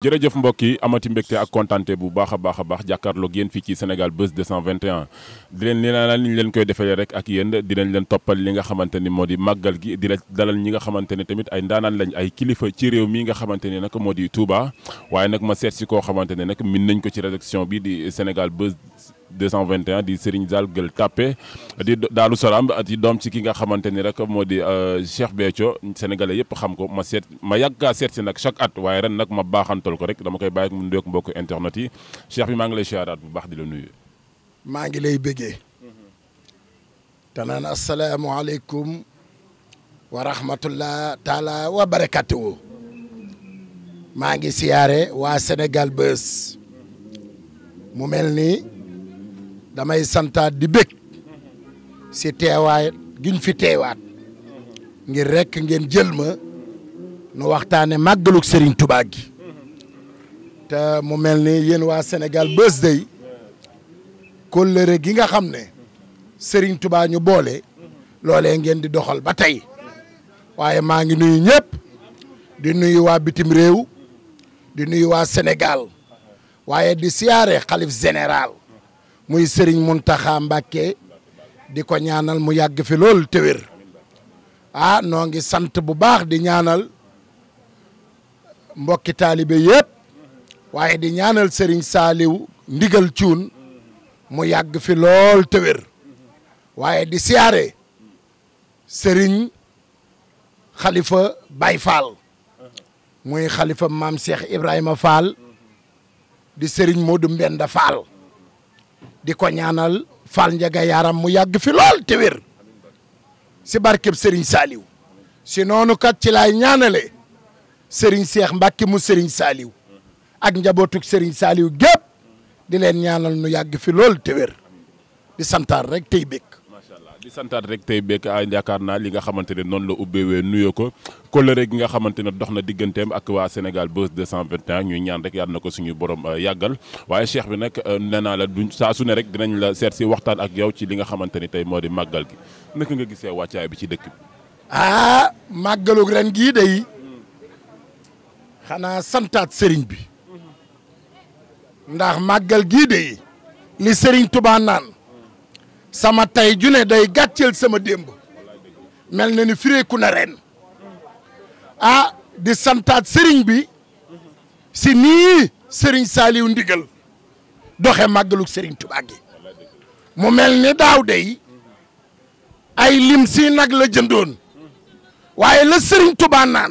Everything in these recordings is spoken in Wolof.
jërëjëf mbokk yi amati mbégte ak kontante bu baax a baax a baax jàkkaarloog yéen fii ci Sénégal Buzz 221 di leen nee naa ni ñu leen koy defee rek ak yéen di leen leen toppal li nga xamante ni moo di màggal gi di la dalal ñi nga xamante ne tamit ay ndaanaan lañ ay kilifa ci réew mi nga xamante ne nag moo di Touba waaye nag ma seet si koo xamante ne nag min nañ ko ci rédaction bi di Sénégal Buzz 221 di Serigne Zal Gueule Tapée di Daaru Salaam doom ci ki nga xamante ni rek moo di euh, Cheikh Béthio sénégalais yëpp xam ko ma seet ma yàgg kaa seet si nag chaque at waaye ren nag ma baaxantal ko rek dama koy bàyyi ak mu nuyoo mbokk internet yi Cheikh bi maa ngi lay siyaaraat bu baax di la nuyu. maa ngi lay bëggee. te naan asalaamaaleykum wa rahmatullah taala maa ngi siyaare waa Sénégal bés mu mel ni damay santaat di bég si teewaay giñ fi teewaat ngir rekk ngeen jël ma nu waxtaane màggalug Serigne Touba te mu mel ni yéen waa senegal bés day kóllëre gi nga xam ne sëriñ tubaa ñu boole loole ngeen di doxal ba tey waaye maa ngi nuyu ñëpp di nuyu waa bitim réew di nuyu waa senegal waaye di siyaare xalif général muy Serigne Mountakha Mbacké di ko ñaanal mu yàgg fi lool te ah noo ngi sant bu baax di ñaanal mbokki taalibe yëpp waaye di ñaanal sëriñ Saliou ndigal cuun mu yàgg fi lool te waaye di siyaare sëriñ Khalifa bay Fall muy Khalifa maam Cheikh Ibrahima Fall di Serigne Modou Mbenda Fall di ko ñaanal Fall Ndiaga Yaram mu yàgg fi lool te wér si barkeb Serigne Saliou si noonu kat ci laay ñaanale Serigne Cheikh Mbacke mu Serigne saaliw ak njabootug Serigne Saliou gépp di leen ñaanal nu yàgg fi lool te di santaar rek tey békk di santaat rek tey bekk ay ah, yaakaar naa li nga xamante ne noonu la ubbeewee nuyoo ko kóllëre gi nga xamante ne dox na digganteem ak waa Sénégal Buzz 221 ñuy ñaan rek yàlla na ko suñu borom ah, yàggal waaye seex bi nag euh, nee naa la duñ saa su ne rek dinañ la seet si waxtaan ak yow ci li nga xamante ni tey moo di màggal gi naka nga gisee wàccaay bi ci dëkk bi. ah màggalug ren gii day xanaa santaat sëriñ bi ndax màggal gii day li sëriñ Tuubaa sama tey ju ne day gàcceel sama démb mel na ni fireeku na ren ah di santaat sëriñ bi si nii sëriñ Saaliw ndigal doxe màggaluk sëriñ Tuubaa gi mu mel ni daaw day ay lim si nag la jëndoon waaye la sëriñ Tuubaa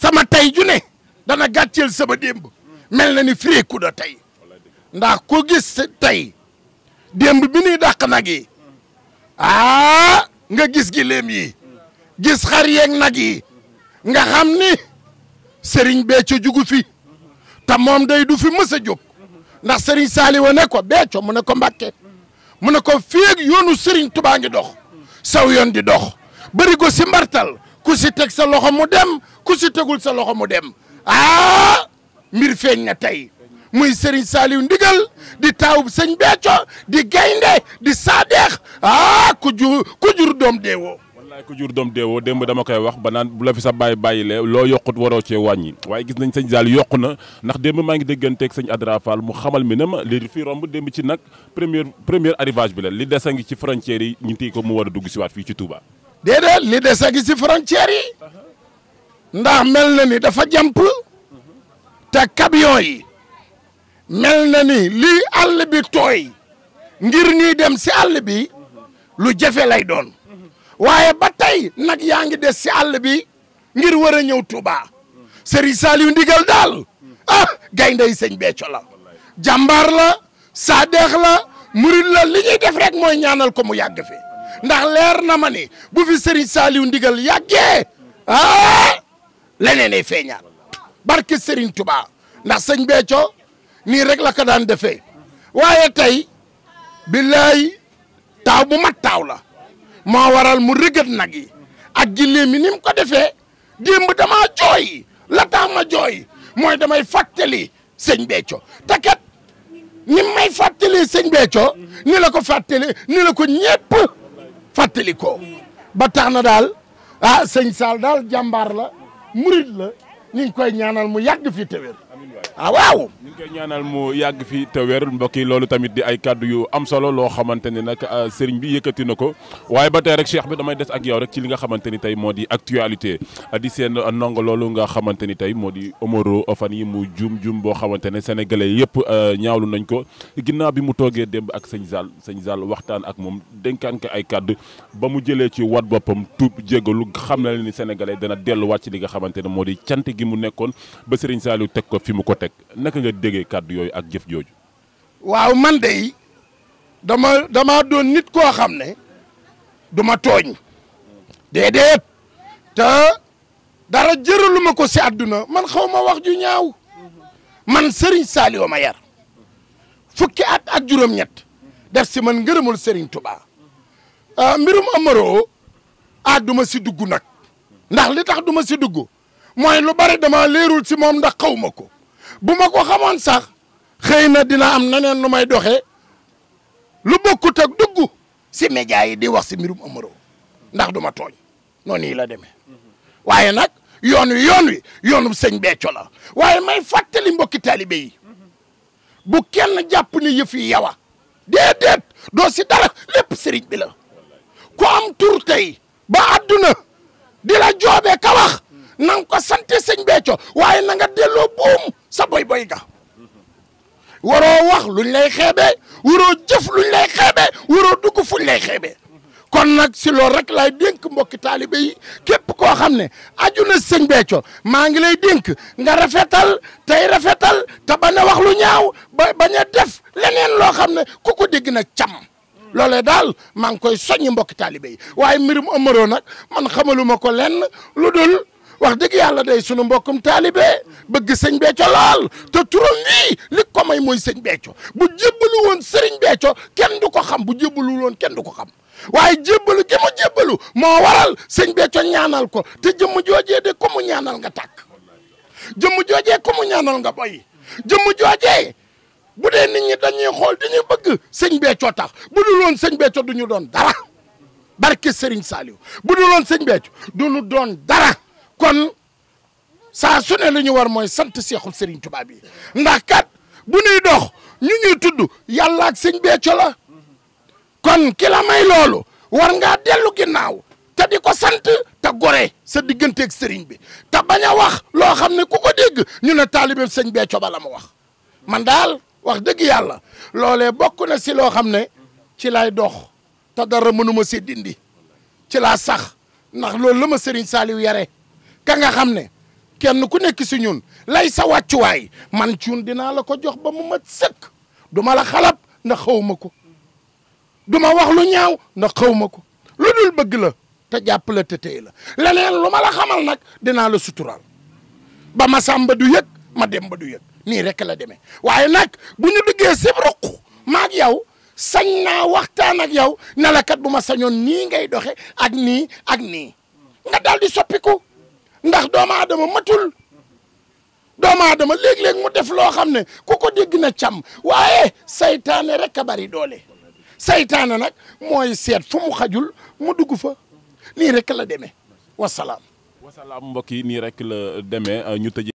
sama tey ju ne dana gàcceel sama démb mel na ni fireeku na tey ndax ko gis tey démb bi ñuy dàq nag yi aa ah, nga gis giléem yi gis xar yeeg nag yi nga xam ni Serigne Béthio jugu fi te moom day du fi mës a jóg ndax Serigne Saliou ne ko Béthio mu ne ko Mbàkke mu ne ko féeg yoonu Serigne Touba ngi dox saw yoon di dox bari ko si mbartal ku si teg sa loxo mu dem ku si tegul sa loxo mu dem aa ah, mbir feeñ nga tey muy Serigne Saliou Ndigal di taawub sëñ Béthio di gaynde di saadeex ah ku jur ku jur doom deewoo. wallaay ku jur doom deewoo démb dama koy wax ba naan bu la fi sa bàyyi bàyyilee loo yokkut waroo ce wàññi waaye gis nañ sëñ Saliou yokku na ndax démb maa ngi dégganteeg sëñ Adra Fall mu xamal mi ne ma li fi romb démb ci nag première première arrivage bi la li des a ngi ci frontière yi ñu téye ko mu war a dugg si waat fii ci Touba. déedéet li a ngi si frontière yi. ndax mel na ni dafa jàmp te camion yi. mel na ni lii àll bi tooy ngir ñuy dem si àll bi lu jafe lay doon waaye ba nag yaa ngi des si àll bi ngir war a ñëw Touba Serigne Saliou ndigal daal ah gayndey sëñ Béthio la jàmbaar la saadeex la murid la li ñuy def rek mooy ñaanal ko mu yàgg fi ndax leer na ma ni bu fi Serigne Saliou ndigal yàggee ah leneen ay feeñaat barke Serigne Touba ndax sëñ Béthio nii rek la ko daan defee waaye tey billaay taaw bu mat taaw la moo waral mu rëgët nag yi ak gillee mi ko defe démb damaa jooy la tax ma jooy mooy damay fàttali sëñ Béthio te kat ni may fàttali sëñ Béthio ni la ko fàttali ni la ko ñëpp fàttali ko ba tax na daal ah sëñ Sall daal jàmbaar la murit la ñu ngi koy ñaanal mu yàgg fi te wér ah, yàgg fi te wér mbokk yi loolu tamit di ay kàddu yu am solo loo xamante ni nag euh, sëriñ bi yëkkati na ko waaye ba tey rek Cheikh bi damay des ak yow rek ci li nga xamante ni tey moo di actualité di seen ndongo loolu nga xamante ni tey moo di Omaro ofan yi mu jum jum boo xamante ne sénégalais yëpp euh, ñaawlu nañ ko ginnaaw bi mu toogee démb ak sëñ Zal sëñ Zal waxtaan ak moom dénkaan ko ay kàddu ba mu jëlee ci wat boppam tuub jégalu xam na leen ni dana delluwaat ci li nga xamante ne moo di cant gi gi mu nekkoon ba Serigne Saliou teg ko fi mu ko teg naka nga déggee kàddu yooyu ak jëf jooju. waaw man de dama dama doon nit koo xam ne du ma tooñ. déedéet te dara jëraluma ko si àdduna man xaw ma wax ju ñaaw man Serigne Saliou ma yar fukki at ak juróom-ñett def si man ngërëmul Serigne Touba ah, mbirum Amaro ah si dugg nag ndax li tax du si dugg mooy lu bari dama leerul si moom ndax xawma ma ko bu ma ko xamoon sax xëy na dina am neneen nu may doxe lu bokkut ak dugg si média yi di wax si mbirum Omaro ndax du ma tooñ noonu yi la demee waaye nag yoon wi yoon wi yoonu sëñ Béthio la waaye may fàttali mbokki taalibe yi bu kenn jàpp ni yëf yi yawa déedéet doo si dara lépp sëriñ bi la am tur tey ba adduna di la joobee ka na nga ko sante sëñ Béthio waaye na nga delloo buum sa boy boy ga waroo wax luñ lay xeebee waroo jëf luñ lay xeebee waroo dugg fuñ lay xeebee kon nag si loolu rek laay dénk mbokki taalibe yi képp koo xam ne aju na sëñ Béthio maa ngi lay dénk nga rafetal tey rafetal ta bañ wax lu ñaaw ba bañ a def leneen loo xam ne ku ko dégg nag cam loolee daal maa ngi koy soññi mbokki taalibe yi waaye mbirum Omaro nag man xamaluma ko lenn lu dul wax dëgg yàlla day sunu mbokkum taalibe bëgg sëñ Béthio lool te turam nii li ko may mooy sëñ Béthio bu jébbalu woon sëriñ Béthio kenn du ko xam bu jébbalu woon kenn du ko xam waaye jébbalu gi mu jébbalu moo waral sëñ Béthio ñaanal ko te jëmm joojee de ko mu ñaanal nga tàkk jëmm joojee ko mu ñaanal nga boy jëmm joojee bu dee nit ñi dañuy xool dañuy bëgg sëñ Béthio tax bu dul woon sëñ Béthio du ñu doon dara barke Serigne Saliou bu dul woon sëñ Béthio du ñu doon dara kon saa su ne ñu war mooy sant seexul Serigne tubaab yi ndax kat bu ñuy dox ñu ñuy tudd yàlla ak sëñ Béthio la kon ki la may loolu war ngaa dellu ginnaaw te di ko sant ta gore sa digganteek sëriñ bi te bañ wax loo xam ne ku ko dégg ñu ne taalibe sëñ Béthio ba la ma wax man daal wax dëgg yàlla loole bokk na si loo xam ne ci lay dox te dara mënuma si dindi ci laa sax ndax loolu la ma sëriñ Saaliw yare ka nga xam ne kenn ku nekk si ñun lay sa wàccuwaay man cuun dinaa la ko jox ba mu mat sëkk du ma la xalab na xaw ko du ma wax lu ñaaw ndax xaw ko lu dul bëgg la te jàpp la te la leneen lu ma la xamal nag dinaa la suturaal ba ma sàmba du yëg ma dem ba du yëg nii rek la deme waaye nag bu ñu duggee sib ruq maag yow sañ naa waxtaan ak yow nalakat bu ma sañoon nii ngay doxe ak nii ak nii nga daal di soppiku ndax doomu aadama matul doomu aadama léeg-léeg mu def loo xam ne ku ko dégg na cam waaye saytaane rek a bari doole saytaane nag mooy seet fu mu xajul mu dugg fa nii rek la deme wasalaam. wasalaam mbokk yi nii rek la demee ñu tëj